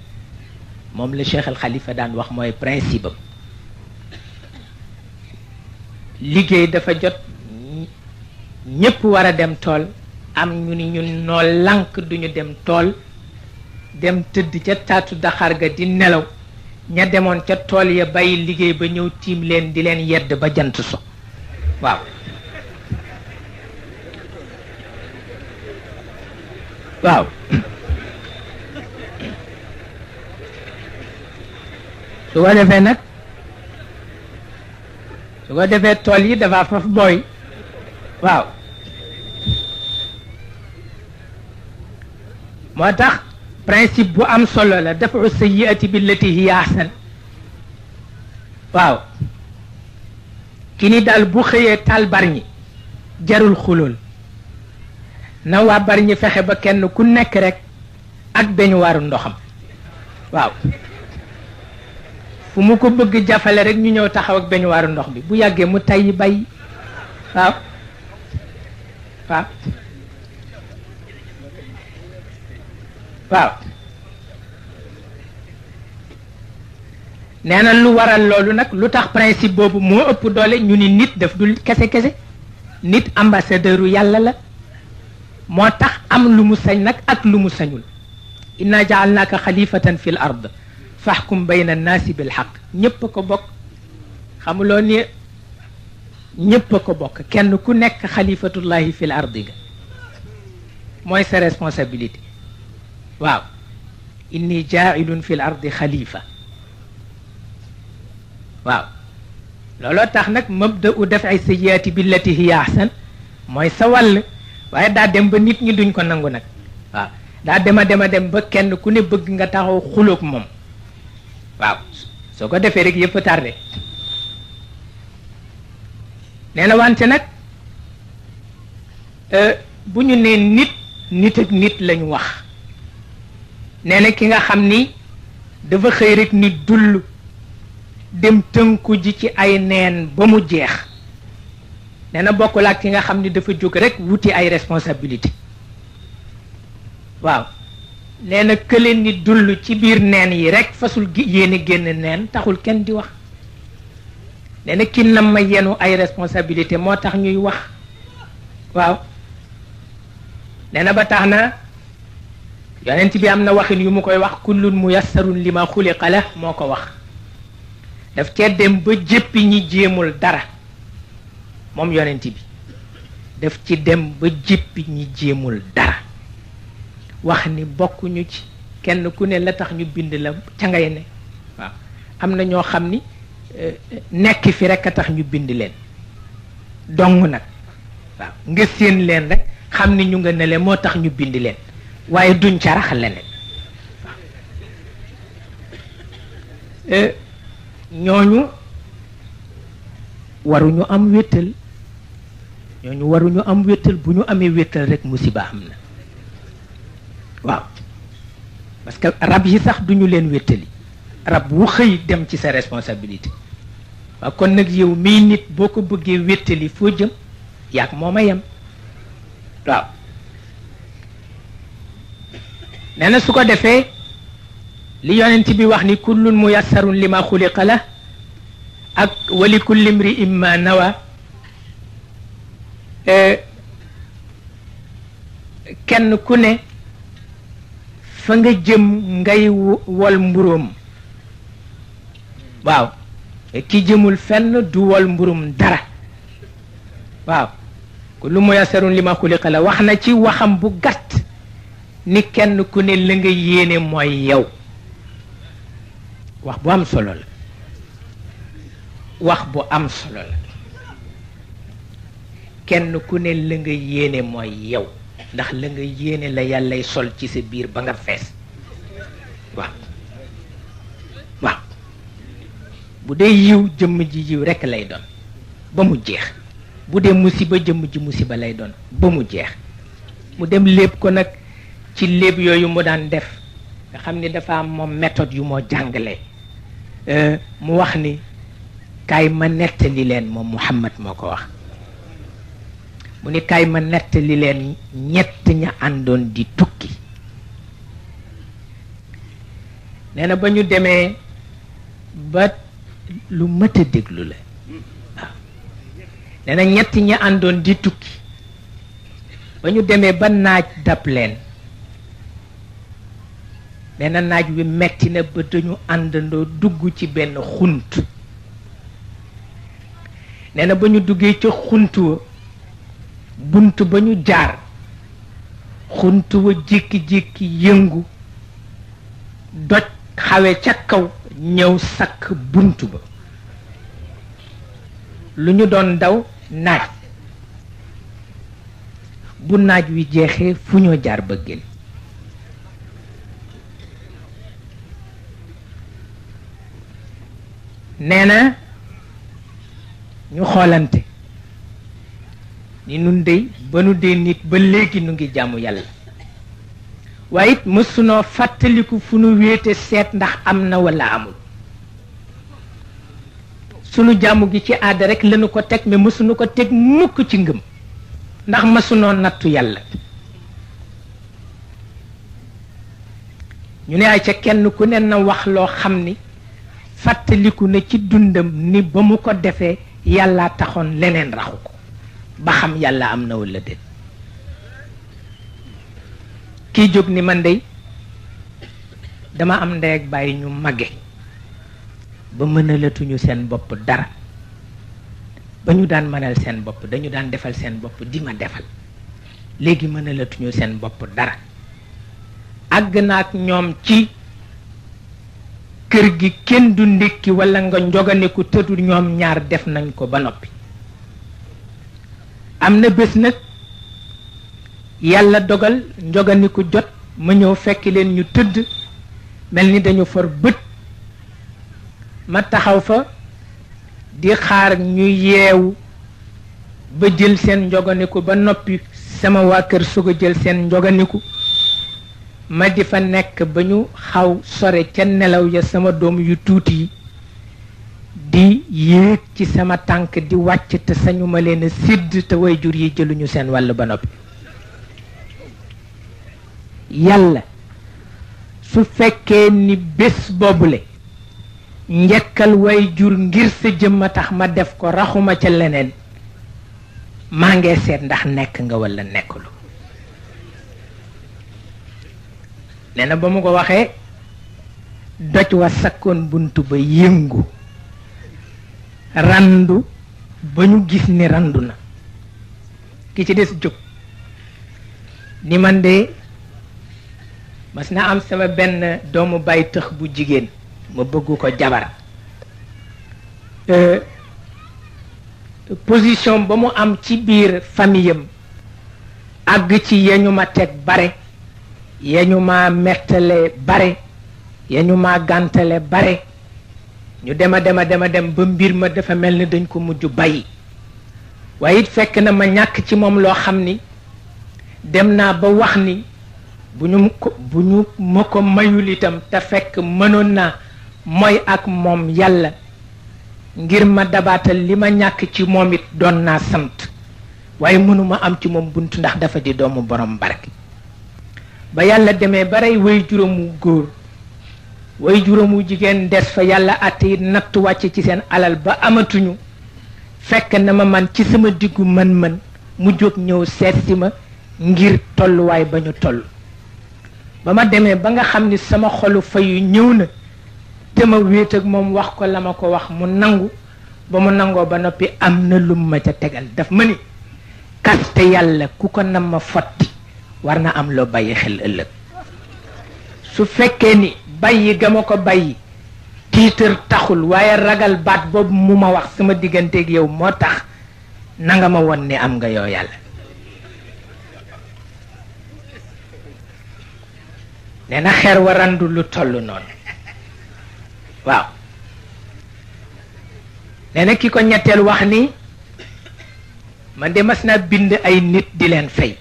moom la Cheikh Khalifa daan wax mooy principe liggéey dafa jot ñépp war a dem tool am ñu ni ñun noo lànk duñu dem tool dem tëdd ca taatu daqaar ga di nelaw ña demoon ca tool ya bàyyi liggéey ba ñëw tiim leen di leen yedd ba jant so waaw waaw su ko defee nag su ko defee tool yi dafa faf booy waaw moo tax principe bu am solo la dafa sayyiati billati hiya ahsan waaw ki ni daal bu xëyee taal bari ñi jarul xulul na waa bari ñi fexe ba kenn ku nekk rek ak beñuwaaru ndoxam waaw fu mu ko bëgg jafale rek ñu ñëw taxaw ak beñuwaaru ndox bi bu yàggee mu tayyi bay waaw waaw waaw nee na lu waral loolu nag lu tax principe boobu moo ëpp doole ñu ni nit daf dul kese kese nit ambassadeur yàlla la moo tax am lu mu sañ nag ak lu mu sañul inna jaalnaaka xalifatan fi l ard faxkum bayna annaasi bil xaq ñépp a ko bokk xamuloo ni ñépp a ko bokk kenn ku nekk xalifatullahi fi l ardi ga mooy sa responsabilité waaw inni jaailun fi l ardi xalifa waaw looloo tax nag mabda'u daf'i sayyiati billati hiya ahsan mooy sa wàll waaye daa dem ba nit ñi duñ ko nangu nag waaw daa dema dema dem ba kenn ku ne bëgg nga taxaw xuloog moom waaw soo ko defee rek yëpp tardé nee na wante nag euh, bu ñu nee nit nit ak nit lañu wax nee na ki nga xam ni dafa xëy rek ni dull dem tënku ji ci ay neen ba mu jeex nee na bokkul ak ki nga xamni dafa jóg rek wuti ay responsabilité waaw nee na kële ni dull ci biir neen yi rek fasul yene génn neen taxul kenn di wax nee ki nam ma yenu ay responsabilité moo tax ñuy wax waaw nee ba tax na yonent bi am na waxin yu mu koy wax kullun muyassarun lima khuliqa xuliqa la moo ko wax daf cee dem ba jéppi ñi jéemul dara moom yonent bi def ci dem ba jéppi ñi jéemul dara wax ni bokkuñu ci kenn ku ne la tax ñu bind la ca ngay ne waaw am na ñoo xam ni euh, nekk fi rek a tax ñu bind leen dong nag waaw nga séen leen rek xam ni ñu nga nele moo tax ñu bind leen waaye duñ carax leneen waaw euh, ñooñu waruñu am wéttal ñu waru ñu am wéttal bu ñu amee wéttal rek musiba am na waaw parce que rab yi sax duñu leen wéttali rab wu xëy dem ci sa responsabilité waaw kon nag yow mii nit boo ko bëggee wéttali foo jëm yaag mooma yem waaw nee na su ko defee li yonent bi wax ni kullun muyassarun lima xuliqa la ak wali kulli imri imma nawa Euh, kenn ku ne fa nga jëm ngay wol mburóom waaw ki jëmul fenn du wol mburum dara waaw lu mu yasarun li ma xuliqa wax na ci waxam bu gàtt ni kenn ku ne la nga yéene mooy yow wax bu am solo la wax bu am solo la kenn ku ne la nga yéene mooy yow ndax la nga yéene la yàllay sol ci sa biir ba nga fees waaw bu dee yiw jëmm ji yiw rekk lay doon ba mu jeex bu dee musiba jëmm ji musiba lay doon ba mu jeex mu dem lépp ko nag ci léeb yooyu mu daan def nga xam ni dafa am moom méthode yu moo jàngale euh, mu wax ni kaay ma nettali leen moom Muhammad moo ko wax mu ni kay ma nettali leen ñett ña àndoon di tukki nee na ba ñu demee ba lu mët a déglu la nee na ñett ña àndoon di tukki ba ñu demee ba naaj dab leen nee na naaj wi metti na ba dañu àndandoo dugg ci benn xunt nee na ba ñu duggee ca xunt wa bunt ba ñu jaar xunt wa jékki-jékki yëngu doj xawe ca kaw ñëw sakk bunt ba lu ñu doon daw naaj bu naaj wi jeexee fu ñoo jaar ba nee na ñu xoolante ni nu dey ba nu dee nit ba léegi nu ngi jàmm yàlla waaye it mësunoo fàttaliku fu nu wéete seet ndax am na wala amul sunu jàmm gi ci aada rek lanu ko teg mais mësunu ko teg mukk ci ngëm ndax mësunoo nattu yàlla ñu ne ay ca kenn ku ne na wax loo xam ni fàttaliku na ci dundam ni ba mu ko defee yàlla taxoon leneen raxu ko ba xam yàlla am na wala déet kii jóg ni man dey dama am ndey ak bàyyi ñu màgge ba mënalatuñu seen bopp dara ba ñu daan mënal seen bopp dañu daan defal seen bopp di ma defal léegi mënalatuñu seen bopp dara àgg na ak ñoom ci kër gi kenn du ndékki walla nga njoganiku tëdu ñoom ñaar def nañ ko ba noppi am na bés nag yàlla dogal njoganiku jot ma ñëw fekki leen ñu tëdd mel ni dañu for bët ma taxaw fa di xaar ñuy yeewu ba jël seen njoganiku ba noppi sama waa kër soog a jël seen njoganiku ma di fa nekk ba ñu xaw sore ca nelaw ya sama doom yu tuuti yi di yéeg ci sama tànk di wàcc te sañu ma leen a sidd te way jur yi jëluñu seen wàll ba noppi yàlla su fekkee ni bés bobule njëkkal way jur ngir sa jëmm a tax ma def ko raxuma ca leneen maa ngi seet ndax nekk nga walla nekkulu nee na ba mu ko waxee doj wa sakkoon bunt ba yëngu randu ba ñu gis ni randu na ki ci des jóg ni man de mas na am sama benn doomu bàyyi tëx bu jigéen ma bëgg ko jabar euh, position ba mu am ci biir famille am àgg ci yañu ma teg bare yeñu ma mettale bare yeñu ma gàntale bare ñu dema dema dema dem ba mbir ma dafa mel ni dañ ko mujj bàyyi waaye fekk na ma ñàkk ci moom loo xam ni dem naa ba wax ni bu ñu ko bu ma ko mayul itam te fekk mënoon naa mooy ak moom yàlla ngir ma dabaatal li ma ñàkk ci moom it doon naa sant waaye mënuma am ci moom bunt ndax dafa di doomu borom barke ba yàlla demee ba way juróomu góor way juróomu jigéen des fa yàlla atti yi natt wàcce ci seen alal ba amatuñu fekk na ma man ci sama diggu man man mu jóg ñëw seet si ma ngir tolluwaay ba ñu toll ba ma demee ba nga xam ni sama xolu fayu ñëw na te ma wéet moom wax ko la ma ko wax mu nangu ba mu nangoo ba noppi am na lum ma ca tegal dafa ma ni kaste yàlla ku ko nam ma fotti war na am loo bàyyi xel ëllëg su fekkee ni bayyi ga ma ko bàyyi tiitar taxul waye ragal bat bob muma wax sama ak yow motax tax na ma won ne am nga yow yalla nena na warandu lu tollu non waaw nena kiko ñettel wax ni man de masna bind ay nit di len fay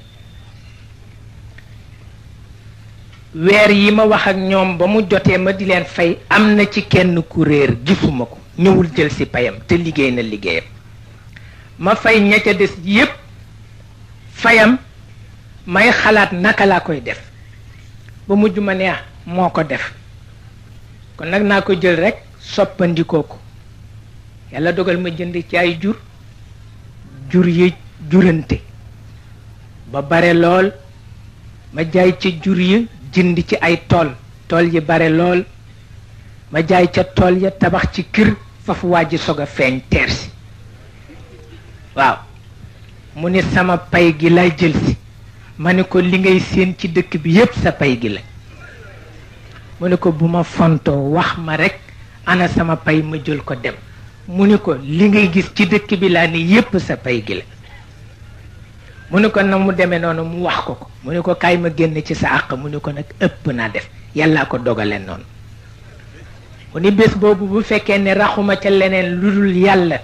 weer yi ma wax ak ñoom ba mu jotee ma di leen fay am na ci kenn ku réer gisuma ko ñëwul jël si payam te liggéey na liggéeyam ma fay ña ca des yépp fayam may xalaat naka laa koy def ba mujj ma ne ah, moo ko def kon nag naa ko jël rekk soppandikoo ko yàlla dogal ma jënd ci ay jur jur yi jurante ba bare lool ma jaay ci jur yi jënd ci ay tool tool yi bare lool ma jaay ca tool ya tabax ci kër fafu waa ji sog a feeñ teer si waaw mu ni sama pay gi lay jël si ma ne ko li ngay séen ci dëkk bi yépp sa pay gi la mu ne ko bu ma fontoo wax ma rekk ana sama pay ma jël ko dem mu ne ko li ngay gis ci dëkk bi laa ni yépp sa pay gi la mu ne ko nag mu demee noonu mu wax ko ko mu ne ko kaay ma génn ci sa àq mu ne ko nag ëpp naa def yàllaa ko dogale noonu mu ni bés boobu bu fekkee ne raxuma ca leneen lu dul yàlla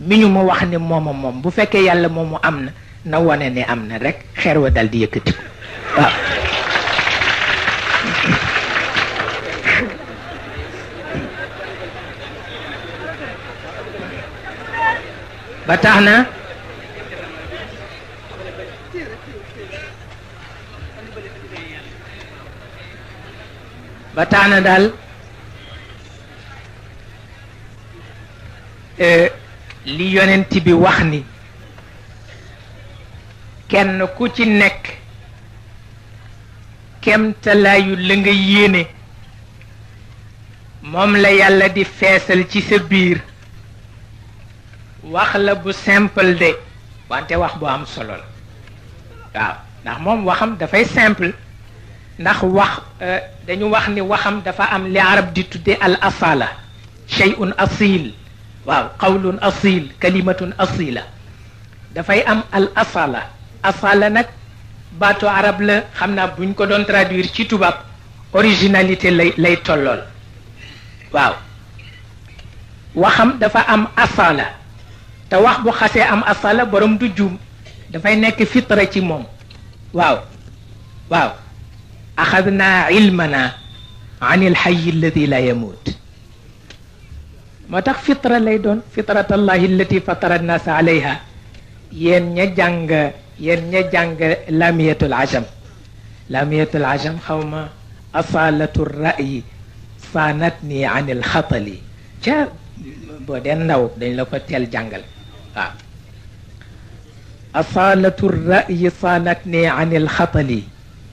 mi ñu ma wax ne mooma moom bu fekkee yàlla moomu am na na wane ne am na rekk xeer wa dal di yëkkati waaw ba tax na ba daal eh, li yonent bi wax ni kenn ku ci nekk kemtalaayu la nga yéene moom la yàlla di feesal ci sa biir wax la bu simple de wante wax bu am solo waaw ndax moom waxam dafay simple ndax wax dañu wax ni waxam dafa am li arab di tudde al asala shay'un asil waaw qawlun asil kalimatun asila da fay am al asala asala nak bato arab la xamna buñ ko don traduire ci tubaab originalité lay lay tollool waaw waxam dafa am asala ta wax bu xasse am asala borom du da fay nek fitra ci mom waaw waaw اخذنا علمنا عن الحي الذي لا يموت ما فطره لاي فطره الله التي فطر الناس عليها ين ني جانغ ين ني لاميه العجم لاميه العجم خوما اصاله الراي صانتني عن الخطل جا بودن داو دنج لاكو تيل جانغال آه. اصاله الراي صانتني عن الخطل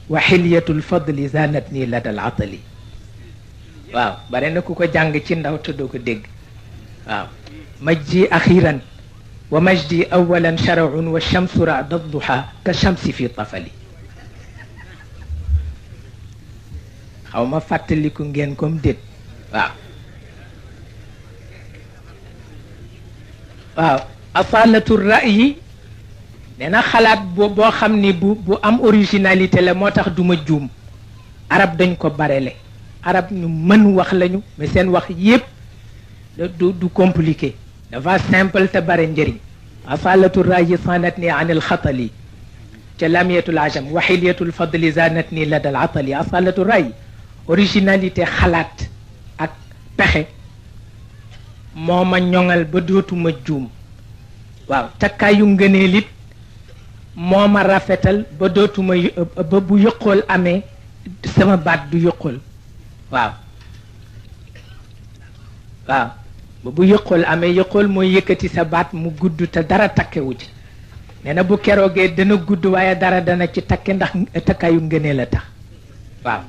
وحلية الفضل زانتني لدى العطل واو بارين نكو كو جانغ تي نداو تدوكو ديغ واو مجدي اخيرا ومجدي اولا شرع والشمس رعد الضحى كالشمس في طفلي خاوما فاتليكو نغين كوم ديت واو واو أصالة الرأي nena na xalaat bo boo xam bu bu am originalité la motax duma du arab dañ ko barele arab ñu mën wax lañu mais seen wax yépp du du compliqué dafa simple te bare njëriñ asalatu raji sanatni ni an alxatali ca lamiyatul ajam waxiliyatul fadli zanat ni ladal atali asalatu ray originalité xalaat ak pexe moma ñongal ba dootuma juum waaw takkaayu ngëneelit moo ma rafetal ba dootuma ba bu yëqool amee sama baat du yëqool waaw waaw ba bu yëqool amee yëqool mooy yëkkati sa baat mu gudd te dara takkewu ci nee na bu keroogee dana gudd waaye dara dana ci takke ndax takkaayu ngënee la tax waaw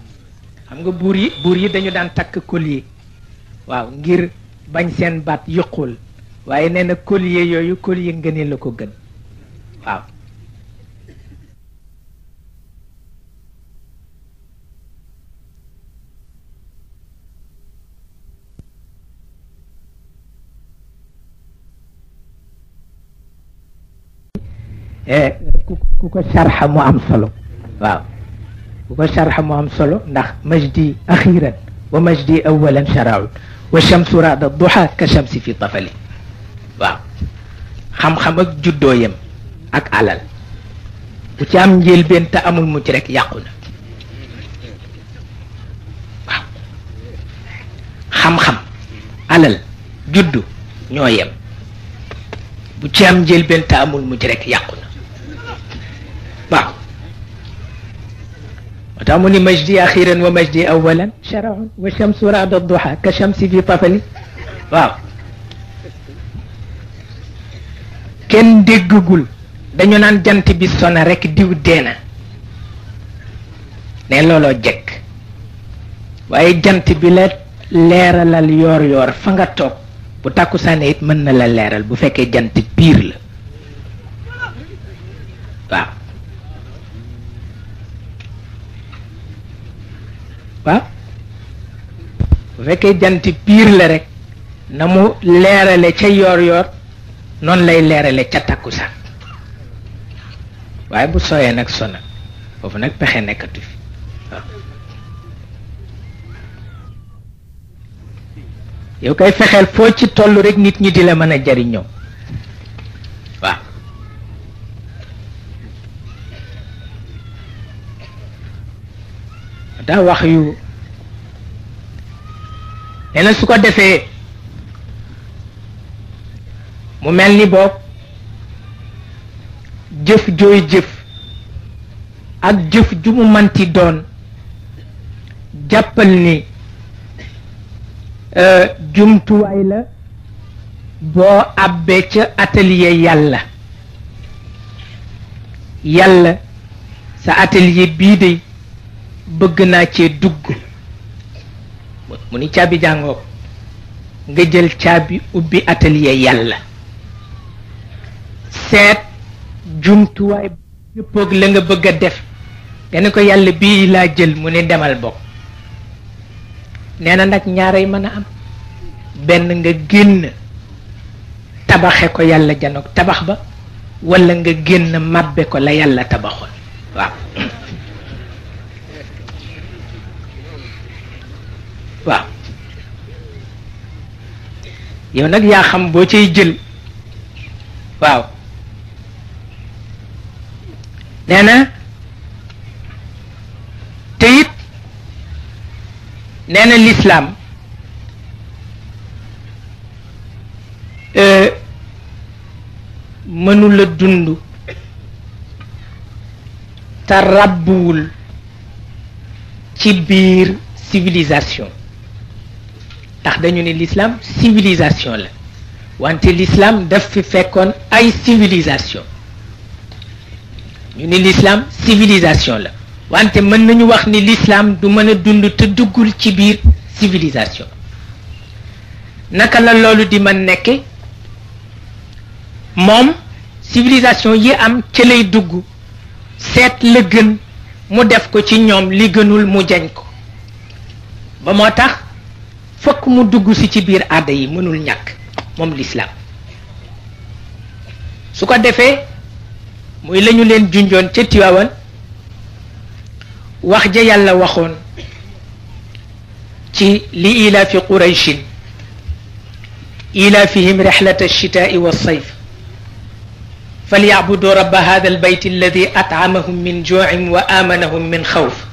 xam nga buur yi buur yi dañu daan takk collier waaw ngir bañ seen baat yëqul waaye nee na collier yooyu collier ngënee la ko gën waaw كوكو شرح مو ام صلو واو كوكو مو ام صلو مجدي اخيرا ومجدي اولا شرع والشمس راد الضحى كشمس في طفلي واو خم اك علل وتيام جيل بنت امول مجرك يقونا خم علل جدو نويم بتيام جيل بنت امول مجرك يقونا بعض وتأمني مجدي أخيرا ومجدي أولا شرع والشمس رعد الضحى كشمس في طفلي waaw kenn déggagul dañu naan jant bi sona rek diw deena ne looloo jekk waaye jant bi la leeralal yoor yoor fa nga toog bu tàkkusaane it mën na la leeral bu fekkee jant piir la waaw bu fekkee jant piir la rek na mu leerale ca yoor yoor noonu lay leerale ca takkusaan waaye bu sooyee nag sona foofu nag pexe nekkatu fi koy fexeel foo ci toll rek nit ñi di la mën a jariñoo daa wax yu nee na su ko defee mu mel ni boog jëf jooy jëf ak jëf ju mu manti doon jàppal ni euh, jumtuwaay la boo àbbee ca atelier yàlla yàlla sa atelier bii de bëgg naa cee dugg mu ni caabi jàngoog nga jël caabi ubbi atelier yàlla seet jumtuwaay yëppoog la nga bëgg a def nga ne ko yàlla bii laa jël mu ne demal bokk neena nag ñaaray mën a am benn nga génn tabaxe ko yàlla janook tabax ba walla nga génn màbbe ko la yàlla tabaxoon waaw waaw yow nag yaa xam boo cay jël waaw nee na te it nee lislaam euh, mënula dund te ci biir civilisation ndax dañu ne l'islam civilisation la wante l'islam daf fi fekkoon ay civilisation ñu ne l'islam civilisation la wante mën nañu wax ni lislaam du mën a dund te duggul ci biir civilisation naka la loolu di mën nekke moom civilisation yi am ca lay dugg seet la gën mu def ko ci ñoom li gënul mu jañ ko ba moo tax fokk mu dugg si ci biir aada yi mënul ñàkk moom lislaam su ko defee muy lañu leen junjoon ca tiwaawan wax ja yàlla waxoon ci li ilaafi qurayshin ilaafihim rixlata alshitaai walsayf falyabudu raba hada albayt alladi atamahum min juucin wa aamanahum min xawf